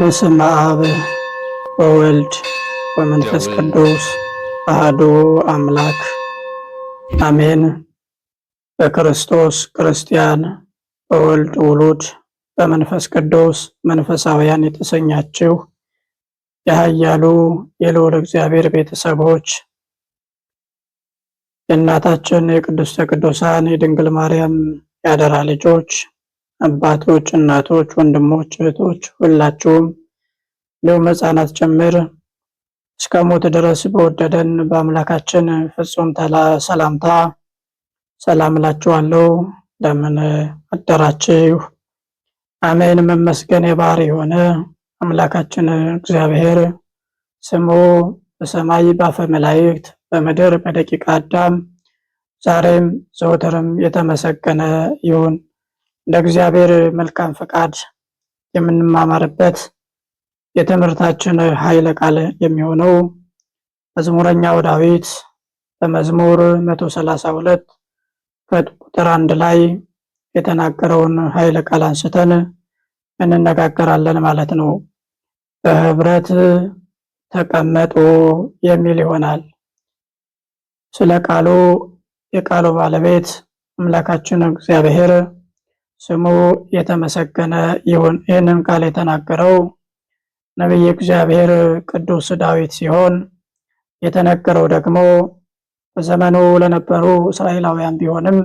በስመ አብ ወወልድ ወመንፈስ ቅዱስ አሐዱ አምላክ አሜን። በክርስቶስ ክርስቲያን በወልድ ውሉድ በመንፈስ ቅዱስ መንፈሳውያን የተሰኛችሁ የኃያሉ የልዑል እግዚአብሔር ቤተሰቦች የእናታችን የቅድስተ ቅዱሳን የድንግል ማርያም ያደራ ልጆች አባቶች፣ እናቶች፣ ወንድሞች፣ እህቶች ሁላችሁም እንዲሁም ሕፃናት ጭምር እስከ ሞት ድረስ በወደደን በአምላካችን ፍጹም ሰላምታ ሰላም እላችኋለሁ። ለምን አደራችሁ? አሜን። መመስገን የባህር የሆነ አምላካችን እግዚአብሔር ስሙ በሰማይ ባፈ መላእክት በምድር በደቂቀ አዳም ዛሬም ዘወትርም የተመሰገነ ይሁን። እንደ እግዚአብሔር መልካም ፈቃድ የምንማማርበት የትምህርታችን ኃይለ ቃል የሚሆነው መዝሙረኛው ዳዊት በመዝሙር 132 ከቁጥር አንድ ላይ የተናገረውን ኃይለ ቃል አንስተን እንነጋገራለን ማለት ነው። በህብረት ተቀመጡ የሚል ይሆናል። ስለ ቃሉ የቃሉ ባለቤት አምላካችን እግዚአብሔር ስሙ የተመሰገነ ይሁን። ይህንን ቃል የተናገረው ነቢይ እግዚአብሔር ቅዱስ ዳዊት ሲሆን የተነገረው ደግሞ በዘመኑ ለነበሩ እስራኤላውያን ቢሆንም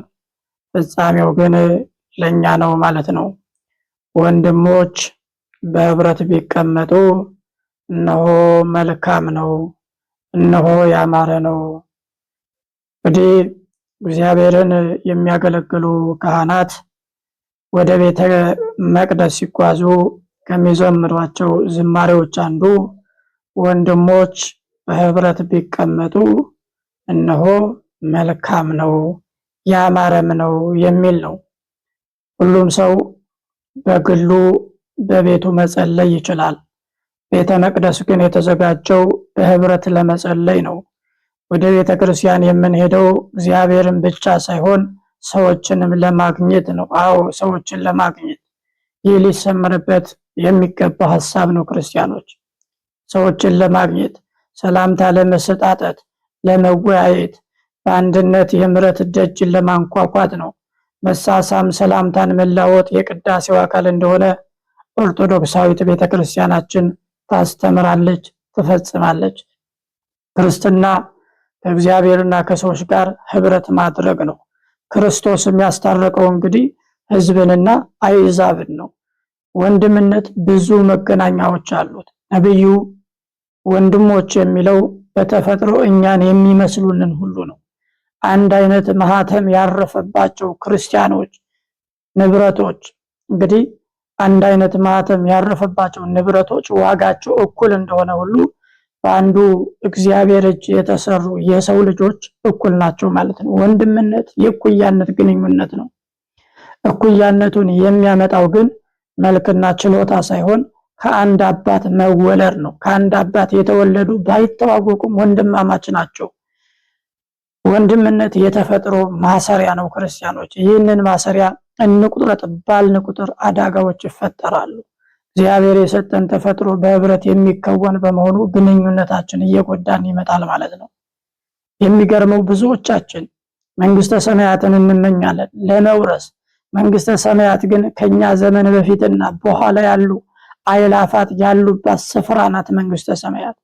ፍጻሜው ግን ለእኛ ነው ማለት ነው። ወንድሞች በህብረት ቢቀመጡ እነሆ መልካም ነው፣ እነሆ ያማረ ነው። እንግዲህ እግዚአብሔርን የሚያገለግሉ ካህናት ወደ ቤተ መቅደስ ሲጓዙ ከሚዘምሯቸው ዝማሬዎች አንዱ ወንድሞች በህብረት ቢቀመጡ እነሆ መልካም ነው ያማረም ነው የሚል ነው። ሁሉም ሰው በግሉ በቤቱ መጸለይ ይችላል። ቤተ መቅደስ ግን የተዘጋጀው በህብረት ለመጸለይ ነው። ወደ ቤተ ክርስቲያን የምንሄደው እግዚአብሔርን ብቻ ሳይሆን ሰዎችንም ለማግኘት ነው። አዎ ሰዎችን ለማግኘት ይህ ሊሰመርበት የሚገባ ሀሳብ ነው። ክርስቲያኖች ሰዎችን ለማግኘት ሰላምታ ለመሰጣጠት፣ ለመወያየት፣ በአንድነት የምሕረት ደጅን ለማንኳኳት ነው። መሳሳም፣ ሰላምታን መላወጥ የቅዳሴው አካል እንደሆነ ኦርቶዶክሳዊት ቤተ ክርስቲያናችን ታስተምራለች፣ ትፈጽማለች። ክርስትና ከእግዚአብሔርና ከሰዎች ጋር ህብረት ማድረግ ነው። ክርስቶስ የሚያስታረቀው እንግዲህ ህዝብንና አይዛብን ነው። ወንድምነት ብዙ መገናኛዎች አሉት። ነቢዩ ወንድሞች የሚለው በተፈጥሮ እኛን የሚመስሉንን ሁሉ ነው። አንድ አይነት ማህተም ያረፈባቸው ክርስቲያኖች ንብረቶች እንግዲህ አንድ አይነት ማህተም ያረፈባቸው ንብረቶች ዋጋቸው እኩል እንደሆነ ሁሉ በአንዱ እግዚአብሔር እጅ የተሰሩ የሰው ልጆች እኩል ናቸው ማለት ነው። ወንድምነት የእኩያነት ግንኙነት ነው። እኩያነቱን የሚያመጣው ግን መልክና ችሎታ ሳይሆን ከአንድ አባት መወለድ ነው። ከአንድ አባት የተወለዱ ባይተዋወቁም ወንድማማች ናቸው። ወንድምነት የተፈጥሮ ማሰሪያ ነው። ክርስቲያኖች ይህንን ማሰሪያ እንቁጥረጥ ባልን ቁጥር አዳጋዎች ይፈጠራሉ። እግዚአብሔር የሰጠን ተፈጥሮ በህብረት የሚከወን በመሆኑ ግንኙነታችን እየጎዳን ይመጣል ማለት ነው። የሚገርመው ብዙዎቻችን መንግስተ ሰማያትን እንመኛለን ለመውረስ። መንግስተ ሰማያት ግን ከኛ ዘመን በፊትና በኋላ ያሉ አይላፋት ያሉባት ስፍራ ናት። መንግስተ ሰማያት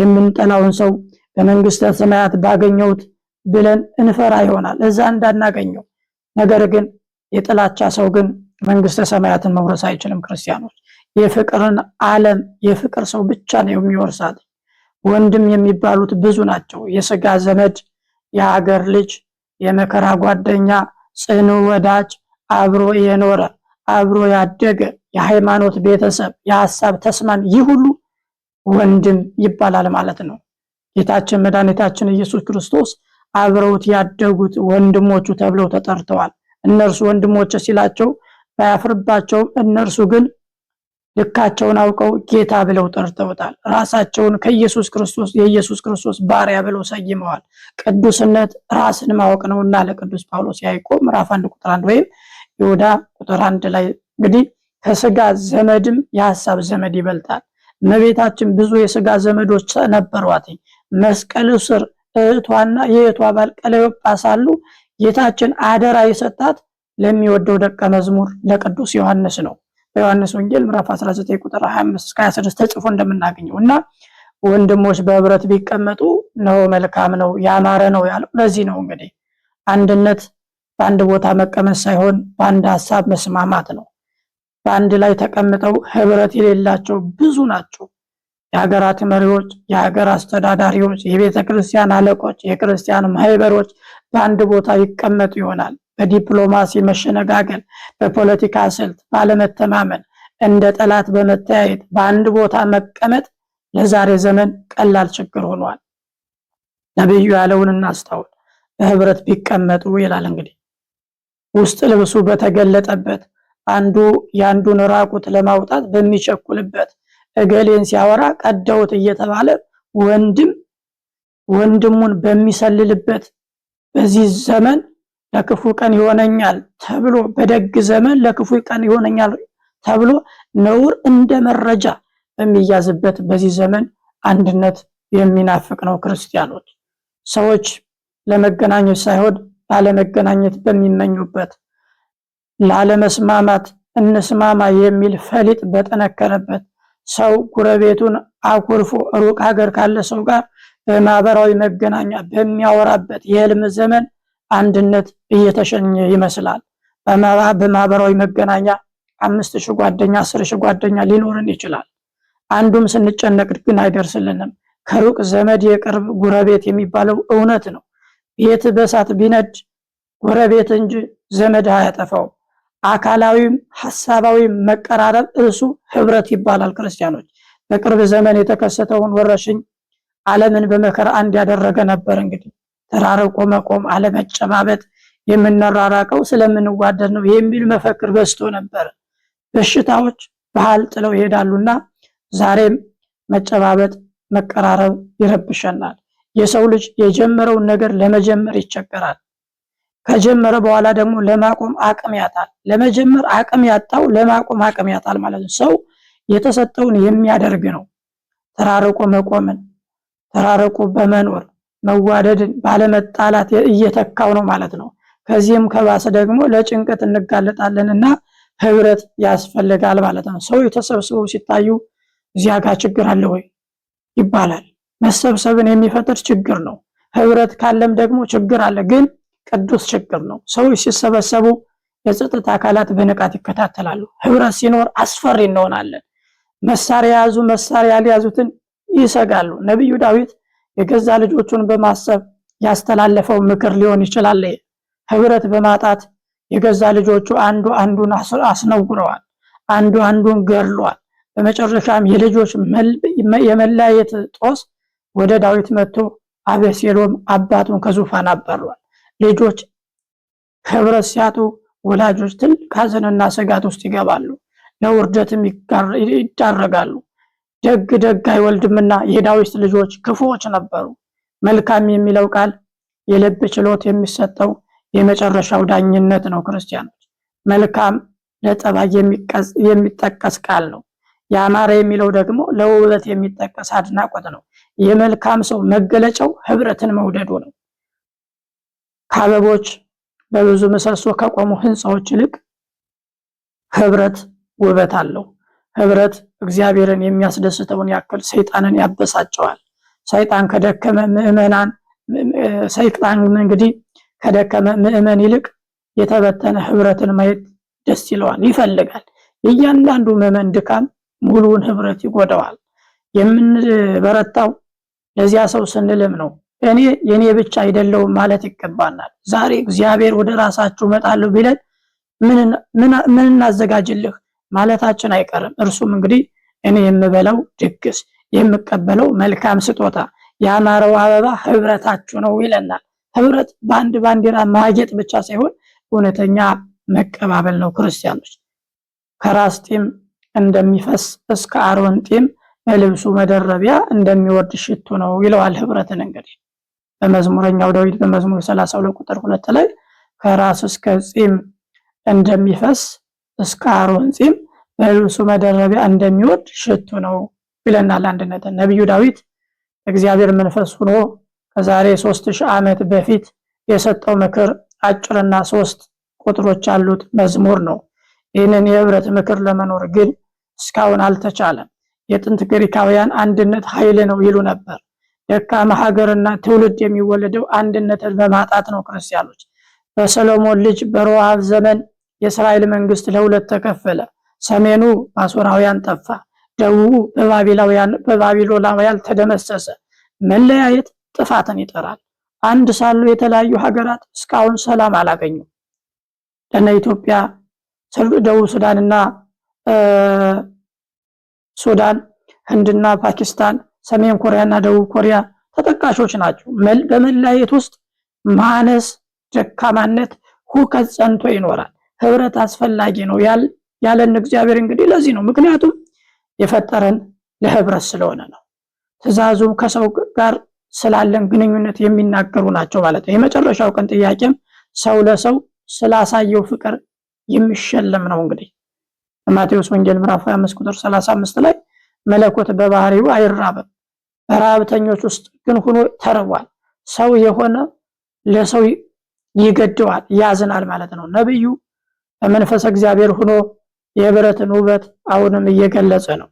የምንጠላውን ሰው በመንግስተ ሰማያት ባገኘውት ብለን እንፈራ ይሆናል እዛ እንዳናገኘው። ነገር ግን የጥላቻ ሰው ግን መንግስተ ሰማያትን መውረስ አይችልም ክርስቲያኖች የፍቅርን ዓለም የፍቅር ሰው ብቻ ነው የሚወርሳት። ወንድም የሚባሉት ብዙ ናቸው። የስጋ ዘመድ፣ የሀገር ልጅ፣ የመከራ ጓደኛ፣ ጽኑ ወዳጅ፣ አብሮ የኖረ አብሮ ያደገ፣ የሃይማኖት ቤተሰብ፣ የሀሳብ ተስማሚ፣ ይህ ሁሉ ወንድም ይባላል ማለት ነው። ጌታችን መድኃኒታችን ኢየሱስ ክርስቶስ አብረውት ያደጉት ወንድሞቹ ተብለው ተጠርተዋል። እነርሱ ወንድሞች ሲላቸው ባያፍርባቸውም እነርሱ ግን ልካቸውን አውቀው ጌታ ብለው ጠርተውታል። ራሳቸውን ከኢየሱስ ክርስቶስ የኢየሱስ ክርስቶስ ባሪያ ብለው ሰይመዋል። ቅዱስነት ራስን ማወቅ ነው እና ለቅዱስ ጳውሎስ ያዕቆብ ምዕራፍ አንድ ቁጥር አንድ ወይም ይሁዳ ቁጥር አንድ ላይ እንግዲህ ከስጋ ዘመድም የሀሳብ ዘመድ ይበልጣል። እመቤታችን ብዙ የስጋ ዘመዶች ነበሯት። መስቀል ስር እህቷና የእህቷ ባል ቀለዮጳ ሳሉ ጌታችን አደራ የሰጣት ለሚወደው ደቀ መዝሙር ለቅዱስ ዮሐንስ ነው። በዮሐንስ ወንጌል ምዕራፍ 19 ቁጥር 25 እስከ 26 ተጽፎ እንደምናገኘው እና ወንድሞች በህብረት ቢቀመጡ ነው መልካም ነው ያማረ ነው ያለው ለዚህ ነው። እንግዲህ አንድነት በአንድ ቦታ መቀመጥ ሳይሆን በአንድ ሀሳብ መስማማት ነው። በአንድ ላይ ተቀምጠው ህብረት የሌላቸው ብዙ ናቸው። የሀገራት መሪዎች፣ የሀገር አስተዳዳሪዎች፣ የቤተ ክርስቲያን አለቆች፣ የክርስቲያን ማህበሮች በአንድ ቦታ ይቀመጡ ይሆናል። በዲፕሎማሲ መሸነጋገል፣ በፖለቲካ ስልት ባለመተማመን፣ እንደ ጠላት በመተያየት በአንድ ቦታ መቀመጥ ለዛሬ ዘመን ቀላል ችግር ሆኗል። ነቢዩ ያለውን እናስታውል። በህብረት ቢቀመጡ ይላል። እንግዲህ ውስጥ ልብሱ በተገለጠበት አንዱ የአንዱን ራቁት ለማውጣት በሚቸኩልበት እገሌን ሲያወራ ቀደውት እየተባለ ወንድም ወንድሙን በሚሰልልበት በዚህ ዘመን ለክፉ ቀን ይሆነኛል ተብሎ በደግ ዘመን ለክፉ ቀን ይሆነኛል ተብሎ ነውር እንደ መረጃ በሚያዝበት በዚህ ዘመን አንድነት የሚናፍቅ ነው። ክርስቲያኖች ሰዎች ለመገናኘት ሳይሆን ላለመገናኘት በሚመኙበት ላለመስማማት እንስማማ የሚል ፈሊጥ በጠነከረበት ሰው ጉረቤቱን አኩርፎ ሩቅ ሀገር ካለ ሰው ጋር ማህበራዊ መገናኛ በሚያወራበት የህልም ዘመን አንድነት እየተሸኘ ይመስላል። በማህበራዊ መገናኛ አምስት ሺህ ጓደኛ አስር ሺህ ጓደኛ ሊኖርን ይችላል። አንዱም ስንጨነቅ ግን አይደርስልንም። ከሩቅ ዘመድ የቅርብ ጉረቤት የሚባለው እውነት ነው። ቤት በሳት ቢነድ ጎረቤት እንጂ ዘመድ አያጠፋውም። አካላዊም ሀሳባዊም መቀራረብ እርሱ ህብረት ይባላል። ክርስቲያኖች በቅርብ ዘመን የተከሰተውን ወረሽኝ ዓለምን በመከራ አንድ ያደረገ ነበር። እንግዲህ ተራርቆ መቆም፣ አለመጨባበጥ፣ የምንራራቀው ስለምንዋደድ ነው የሚል መፈክር በዝቶ ነበር። በሽታዎች ባህል ጥለው ይሄዳሉና ዛሬም መጨባበጥ፣ መቀራረብ ይረብሸናል። የሰው ልጅ የጀመረውን ነገር ለመጀመር ይቸገራል። ከጀመረ በኋላ ደግሞ ለማቆም አቅም ያጣል። ለመጀመር አቅም ያጣው ለማቆም አቅም ያጣል ማለት ነው። ሰው የተሰጠውን የሚያደርግ ነው። ተራርቆ መቆምን ተራረቁ በመኖር መዋደድን ባለመጣላት እየተካው ነው ማለት ነው። ከዚህም ከባሰ ደግሞ ለጭንቀት እንጋለጣለን እና ህብረት ያስፈልጋል ማለት ነው። ሰው የተሰብስበው ሲታዩ እዚያ ጋር ችግር አለ ወይ ይባላል። መሰብሰብን የሚፈጥር ችግር ነው። ህብረት ካለም ደግሞ ችግር አለ፣ ግን ቅዱስ ችግር ነው። ሰዎች ሲሰበሰቡ የጸጥታ አካላት በንቃት ይከታተላሉ። ህብረት ሲኖር አስፈሪ እንሆናለን። መሳሪያ ያዙ መሳሪያ ያልያዙትን ይሰጋሉ። ነቢዩ ዳዊት የገዛ ልጆቹን በማሰብ ያስተላለፈው ምክር ሊሆን ይችላል። ህብረት በማጣት የገዛ ልጆቹ አንዱ አንዱን አስነውረዋል፣ አንዱ አንዱን ገድሏል። በመጨረሻም የልጆች የመለያየት ጦስ ወደ ዳዊት መጥቶ አቤሴሎም አባቱን ከዙፋን አባሯል። ልጆች ህብረት ሲያጡ ወላጆች ትልቅ ሀዘንና ስጋት ውስጥ ይገባሉ፣ ለውርደትም ይዳረጋሉ። ደግ ደግ አይወልድምና የዳዊት ልጆች ክፉዎች ነበሩ። መልካም የሚለው ቃል የልብ ችሎት የሚሰጠው የመጨረሻው ዳኝነት ነው። ክርስቲያኖች መልካም ለጠባይ የሚጠቀስ ቃል ነው። ያማረ የሚለው ደግሞ ለውበት የሚጠቀስ አድናቆት ነው። የመልካም ሰው መገለጫው ህብረትን መውደዱ ነው። ከአበቦች በብዙ ምሰሶ ከቆሙ ህንፃዎች ይልቅ ህብረት ውበት አለው። ህብረት እግዚአብሔርን የሚያስደስተውን ያክል ሰይጣንን ያበሳጨዋል። ሰይጣን ከደከመ ምእመናን ሰይጣን እንግዲህ ከደከመ ምእመን ይልቅ የተበተነ ህብረትን ማየት ደስ ይለዋል፣ ይፈልጋል። የእያንዳንዱ ምእመን ድካም ሙሉውን ህብረት ይጎዳዋል። የምንበረታው ለዚያ ሰው ስንልም ነው። እኔ የኔ ብቻ አይደለውም ማለት ይገባናል። ዛሬ እግዚአብሔር ወደ ራሳችሁ እመጣለሁ ቢለን ምን እናዘጋጅልህ ማለታችን አይቀርም። እርሱም እንግዲህ እኔ የምበለው ድግስ፣ የምቀበለው መልካም ስጦታ፣ ያማረው አበባ ህብረታችሁ ነው ይለናል። ህብረት በአንድ ባንዲራ ማጌጥ ብቻ ሳይሆን እውነተኛ መቀባበል ነው። ክርስቲያኖች ከራስ ጢም እንደሚፈስ እስከ አሮን ጢም በልብሱ መደረቢያ እንደሚወርድ ሽቱ ነው ይለዋል። ህብረትን እንግዲህ በመዝሙረኛው ዳዊት በመዝሙር 32 ቁጥር ሁለት ላይ ከራስ እስከ ጢም እንደሚፈስ እስከ አሮን ጺም በልብሱ መደረቢያ እንደሚወድ ሽቱ ነው ይለናል። አንድነትን ነቢዩ ዳዊት እግዚአብሔር መንፈስ ሆኖ ከዛሬ ሶስት ሺህ ዓመት በፊት የሰጠው ምክር አጭርና ሶስት ቁጥሮች ያሉት መዝሙር ነው። ይህንን የህብረት ምክር ለመኖር ግን እስካሁን አልተቻለም። የጥንት ግሪካውያን አንድነት ኃይል ነው ይሉ ነበር። ደካማ ሀገርና ትውልድ የሚወለደው አንድነትን በማጣት ነው። ክርስቲያኖች በሰሎሞን ልጅ በሮሃብ ዘመን የእስራኤል መንግስት ለሁለት ተከፈለ። ሰሜኑ በአሶራውያን ጠፋ፣ ደቡቡ በባቢሎናውያን ተደመሰሰ። መለያየት ጥፋትን ይጠራል። አንድ ሳሉ የተለያዩ ሀገራት እስካሁን ሰላም አላገኙም። ለነ ኢትዮጵያ ደቡብ ሱዳንና ሱዳን፣ ህንድና ፓኪስታን፣ ሰሜን ኮሪያና ደቡብ ኮሪያ ተጠቃሾች ናቸው። በመለያየት ውስጥ ማነስ፣ ደካማነት፣ ሁከት ጸንቶ ይኖራል። ህብረት አስፈላጊ ነው ያለን እግዚአብሔር እንግዲህ ለዚህ ነው። ምክንያቱም የፈጠረን ለህብረት ስለሆነ ነው። ትእዛዙ ከሰው ጋር ስላለን ግንኙነት የሚናገሩ ናቸው ማለት ነው። የመጨረሻው ቀን ጥያቄም ሰው ለሰው ስላሳየው ፍቅር የሚሸለም ነው። እንግዲህ በማቴዎስ ወንጌል ምዕራፍ 25 ቁጥር 35 ላይ መለኮት በባህሪው አይራብም፣ በረሃብተኞች ውስጥ ግን ሆኖ ተርቧል። ሰው የሆነ ለሰው ይገደዋል፣ ያዝናል ማለት ነው። ነብዩ መንፈስ እግዚአብሔር ሆኖ የህብረትን ውበት አሁንም እየገለጸ ነው።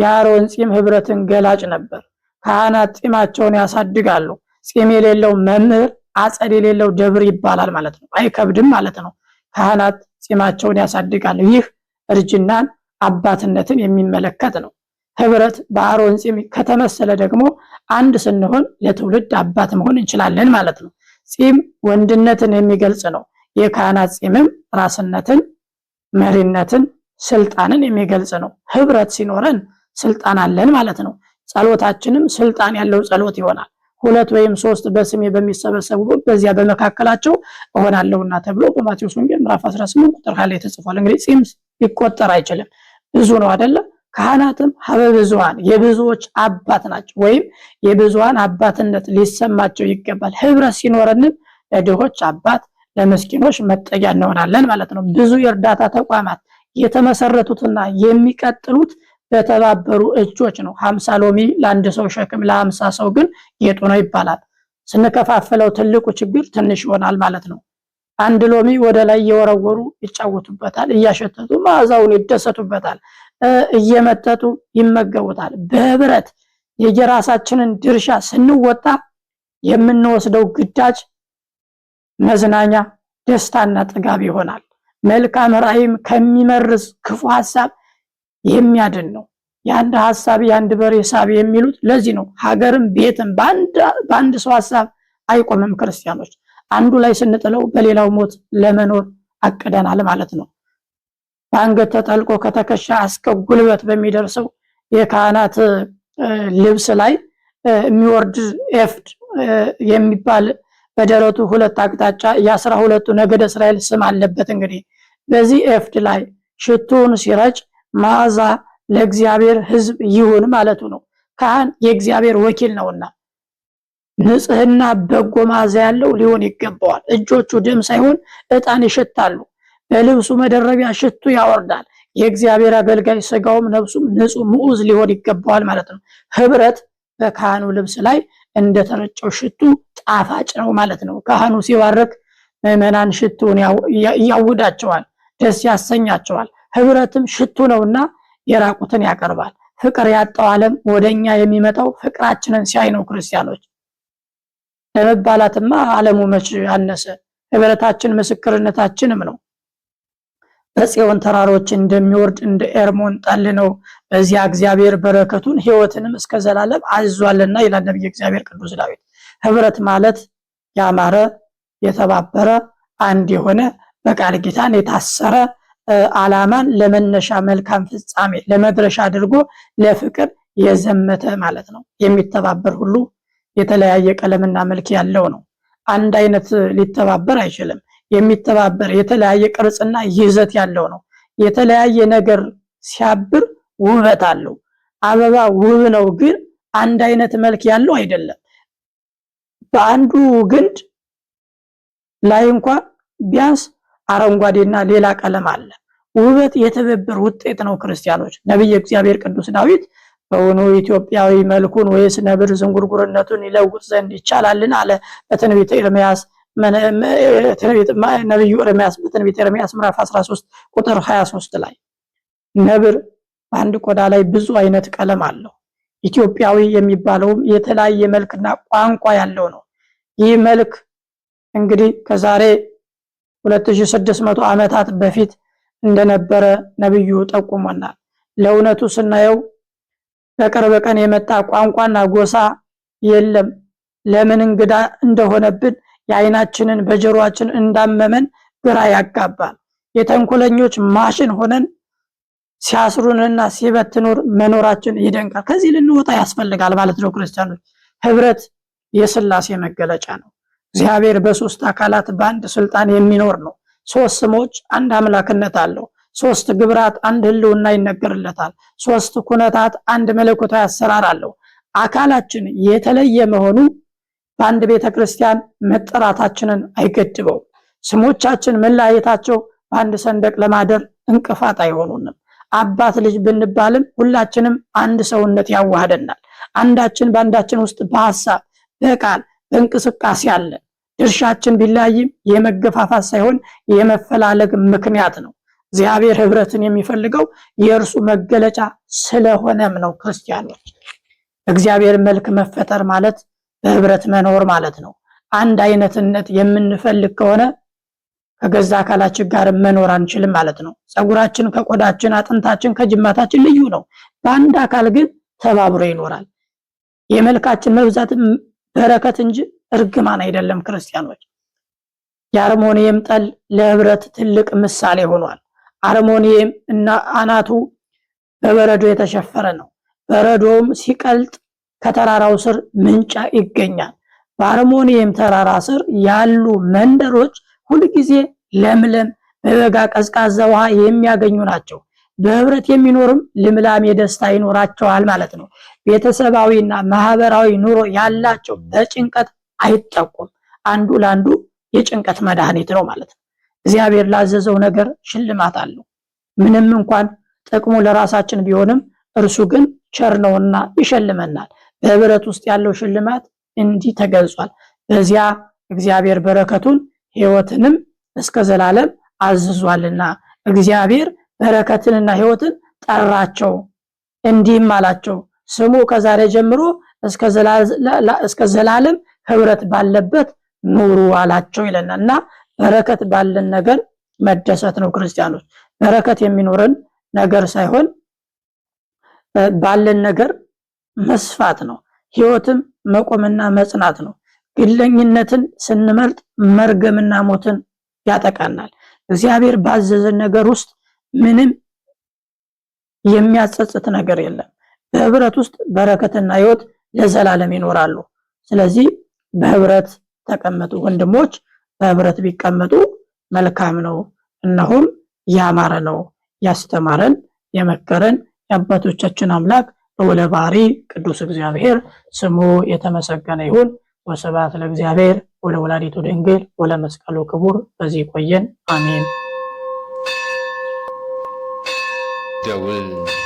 የአሮን ጺም ህብረትን ገላጭ ነበር። ካህናት ጺማቸውን ያሳድጋሉ። ጺም የሌለው መምህር አጸድ የሌለው ደብር ይባላል ማለት ነው። አይከብድም ማለት ነው። ካህናት ጺማቸውን ያሳድጋሉ። ይህ እርጅናን፣ አባትነትን የሚመለከት ነው። ህብረት በአሮን ጺም ከተመሰለ ደግሞ አንድ ስንሆን ለትውልድ አባት መሆን እንችላለን ማለት ነው። ጺም ወንድነትን የሚገልጽ ነው። የካህናት ጺምም ራስነትን፣ መሪነትን፣ ስልጣንን የሚገልጽ ነው። ህብረት ሲኖረን ስልጣን አለን ማለት ነው። ጸሎታችንም ስልጣን ያለው ጸሎት ይሆናል። ሁለት ወይም ሶስት በስሜ በሚሰበሰቡ በዚያ በመካከላቸው እሆናለሁና ተብሎ በማቴዎስ ወንጌል ምዕራፍ 18 ቁጥር ላይ ተጽፏል። እንግዲህ ጺም ሊቆጠር አይችልም፣ ብዙ ነው አይደለ? ካህናትም ሀበ ብዙሃን የብዙዎች አባት ናቸው፣ ወይም የብዙሃን አባትነት ሊሰማቸው ይገባል። ህብረት ሲኖረንም ለድሆች አባት ለምስኪኖች መጠጊያ እንሆናለን ማለት ነው። ብዙ የእርዳታ ተቋማት የተመሰረቱትና የሚቀጥሉት በተባበሩ እጆች ነው። ሀምሳ ሎሚ ለአንድ ሰው ሸክም፣ ለሀምሳ ሰው ግን ጌጡ ነው ይባላል። ስንከፋፍለው ትልቁ ችግር ትንሽ ይሆናል ማለት ነው። አንድ ሎሚ ወደ ላይ እየወረወሩ ይጫወቱበታል፣ እያሸተቱ መዓዛውን ይደሰቱበታል፣ እየመጠጡ ይመገቡታል። በህብረት የየራሳችንን ድርሻ ስንወጣ የምንወስደው ግዳጅ መዝናኛ ደስታና ጥጋብ ይሆናል። መልካም ራእይም ከሚመርዝ ክፉ ሀሳብ የሚያድን ነው። የአንድ ሀሳብ የአንድ በሬ ሳብ የሚሉት ለዚህ ነው። ሀገርም ቤትም በአንድ ሰው ሀሳብ አይቆምም። ክርስቲያኖች አንዱ ላይ ስንጥለው በሌላው ሞት ለመኖር አቅደናል ማለት ነው። በአንገት ተጠልቆ ከትከሻ እስከ ጉልበት በሚደርሰው የካህናት ልብስ ላይ የሚወርድ ኤፍድ የሚባል በደረቱ ሁለት አቅጣጫ የአስራ ሁለቱ ነገደ እስራኤል ስም አለበት። እንግዲህ በዚህ ኤፍድ ላይ ሽቱን ሲረጭ መዓዛ ለእግዚአብሔር ሕዝብ ይሁን ማለቱ ነው። ካህን የእግዚአብሔር ወኪል ነውና ንጽህና፣ በጎ መዓዛ ያለው ሊሆን ይገባዋል። እጆቹ ደም ሳይሆን ዕጣን ይሽታሉ። በልብሱ መደረቢያ ሽቱ ያወርዳል። የእግዚአብሔር አገልጋይ ስጋውም ነብሱም ንጹህ ምዑዝ ሊሆን ይገባዋል ማለት ነው። ህብረት በካህኑ ልብስ ላይ እንደተረጨው ሽቱ ጣፋጭ ነው ማለት ነው። ካህኑ ሲባርክ ምዕመናን ሽቱን ያውዳቸዋል፣ ደስ ያሰኛቸዋል። ህብረትም ሽቱ ነውና የራቁትን ያቀርባል። ፍቅር ያጣው ዓለም ወደኛ የሚመጣው ፍቅራችንን ሲያይ ነው። ክርስቲያኖች ለመባላትማ ዓለሙ መች አነሰ? ህብረታችን ምስክርነታችንም ነው። በጽዮን ተራሮች እንደሚወርድ እንደ ኤርሞን ጠል ነው። በዚያ እግዚአብሔር በረከቱን ሕይወትንም እስከ ዘላለም አዟልና ይላል ነቢየ እግዚአብሔር ቅዱስ ዳዊት። ህብረት ማለት ያማረ የተባበረ አንድ የሆነ በቃል ጌታን የታሰረ አላማን ለመነሻ መልካም ፍጻሜ ለመድረሻ አድርጎ ለፍቅር የዘመተ ማለት ነው። የሚተባበር ሁሉ የተለያየ ቀለምና መልክ ያለው ነው። አንድ አይነት ሊተባበር አይችልም። የሚተባበር የተለያየ ቅርጽና ይዘት ያለው ነው። የተለያየ ነገር ሲያብር ውበት አለው። አበባ ውብ ነው፣ ግን አንድ አይነት መልክ ያለው አይደለም። በአንዱ ግንድ ላይ እንኳን ቢያንስ አረንጓዴና ሌላ ቀለም አለ። ውበት የተበበር ውጤት ነው። ክርስቲያኖች ነቢየ እግዚአብሔር ቅዱስ ዳዊት በውኑ ኢትዮጵያዊ መልኩን ወይስ ነብር ዝንጉርጉርነቱን ይለውጥ ዘንድ ይቻላልን? አለ በትንቢተ ኤርምያስ ነቢዩ ኤርሚያስ በትንቢት ኤርሚያስ ምዕራፍ 13 ቁጥር 23 ላይ ነብር በአንድ ቆዳ ላይ ብዙ አይነት ቀለም አለው። ኢትዮጵያዊ የሚባለውም የተለያየ መልክና ቋንቋ ያለው ነው። ይህ መልክ እንግዲህ ከዛሬ 2600 ዓመታት በፊት እንደነበረ ነብዩ ጠቁሞናል። ለእውነቱ ስናየው በቅርብ ቀን የመጣ ቋንቋና ጎሳ የለም። ለምን እንግዳ እንደሆነብን የአይናችንን በጀሮአችን እንዳመመን ግራ ያጋባል። የተንኮለኞች ማሽን ሆነን ሲያስሩንና ሲበትኑር መኖራችን ይደንቃል። ከዚህ ልንወጣ ያስፈልጋል ማለት ነው። ክርስቲያኖች ህብረት የስላሴ መገለጫ ነው። እግዚአብሔር በሶስት አካላት በአንድ ስልጣን የሚኖር ነው። ሶስት ስሞች አንድ አምላክነት አለው። ሶስት ግብራት አንድ ህልውና ይነገርለታል። ሶስት ኩነታት አንድ መለኮታዊ አሰራር አለው። አካላችን የተለየ መሆኑ በአንድ ቤተ ክርስቲያን መጠራታችንን አይገድበው። ስሞቻችን መለያየታቸው በአንድ ሰንደቅ ለማደር እንቅፋት አይሆኑንም። አባት ልጅ ብንባልም ሁላችንም አንድ ሰውነት ያዋህደናል። አንዳችን በአንዳችን ውስጥ በሀሳብ በቃል በእንቅስቃሴ አለ። ድርሻችን ቢለያይም የመገፋፋት ሳይሆን የመፈላለግ ምክንያት ነው። እግዚአብሔር ህብረትን የሚፈልገው የእርሱ መገለጫ ስለሆነም ነው። ክርስቲያኖች እግዚአብሔር መልክ መፈጠር ማለት በህብረት መኖር ማለት ነው። አንድ አይነትነት የምንፈልግ ከሆነ ከገዛ አካላችን ጋር መኖር አንችልም ማለት ነው። ፀጉራችን ከቆዳችን፣ አጥንታችን ከጅማታችን ልዩ ነው። በአንድ አካል ግን ተባብሮ ይኖራል። የመልካችን መብዛት በረከት እንጂ እርግማን አይደለም። ክርስቲያኖች የአርሞኒየም ጠል ለህብረት ትልቅ ምሳሌ ሆኗል። አርሞኒየም እና አናቱ በበረዶ የተሸፈረ ነው። በረዶም ሲቀልጥ ከተራራው ስር ምንጫ ይገኛል። በአርሞኒየም ተራራ ስር ያሉ መንደሮች ሁልጊዜ ለምለም በበጋ ቀዝቃዛ ውሃ የሚያገኙ ናቸው። በህብረት የሚኖርም ልምላሜ ደስታ ይኖራቸዋል ማለት ነው። ቤተሰባዊና ማህበራዊ ኑሮ ያላቸው በጭንቀት አይጠቁም። አንዱ ለአንዱ የጭንቀት መድኃኒት ነው ማለት ነው። እግዚአብሔር ላዘዘው ነገር ሽልማት አለው። ምንም እንኳን ጥቅሙ ለራሳችን ቢሆንም እርሱ ግን ቸር ነውና ይሸልመናል። በህብረት ውስጥ ያለው ሽልማት እንዲህ ተገልጿል። በዚያ እግዚአብሔር በረከቱን ህይወትንም እስከ ዘላለም አዝዟልና እግዚአብሔር በረከትንና ህይወትን ጠራቸው፣ እንዲህም አላቸው ስሙ ከዛሬ ጀምሮ እስከ ዘላለም ህብረት ባለበት ኑሩ አላቸው ይለናል። እና በረከት ባለን ነገር መደሰት ነው ክርስቲያኖች። በረከት የሚኖረን ነገር ሳይሆን ባለን ነገር መስፋት ነው። ህይወትም መቆምና መጽናት ነው። ግለኝነትን ስንመርጥ መርገምና ሞትን ያጠቃናል። እግዚአብሔር ባዘዘን ነገር ውስጥ ምንም የሚያጸጽት ነገር የለም። በህብረት ውስጥ በረከትና ህይወት ለዘላለም ይኖራሉ። ስለዚህ በህብረት ተቀመጡ ወንድሞች፣ በህብረት ቢቀመጡ መልካም ነው። እነሆም ያማረ ነው። ያስተማረን የመከረን የአባቶቻችን አምላክ ወለ ባሪ ቅዱስ እግዚአብሔር ስሙ የተመሰገነ ይሁን። ወስብሐት ለእግዚአብሔር ወለወላዲቱ ድንግል ወለመስቀሉ ክቡር። በዚህ ቆየን። አሜን። ደውል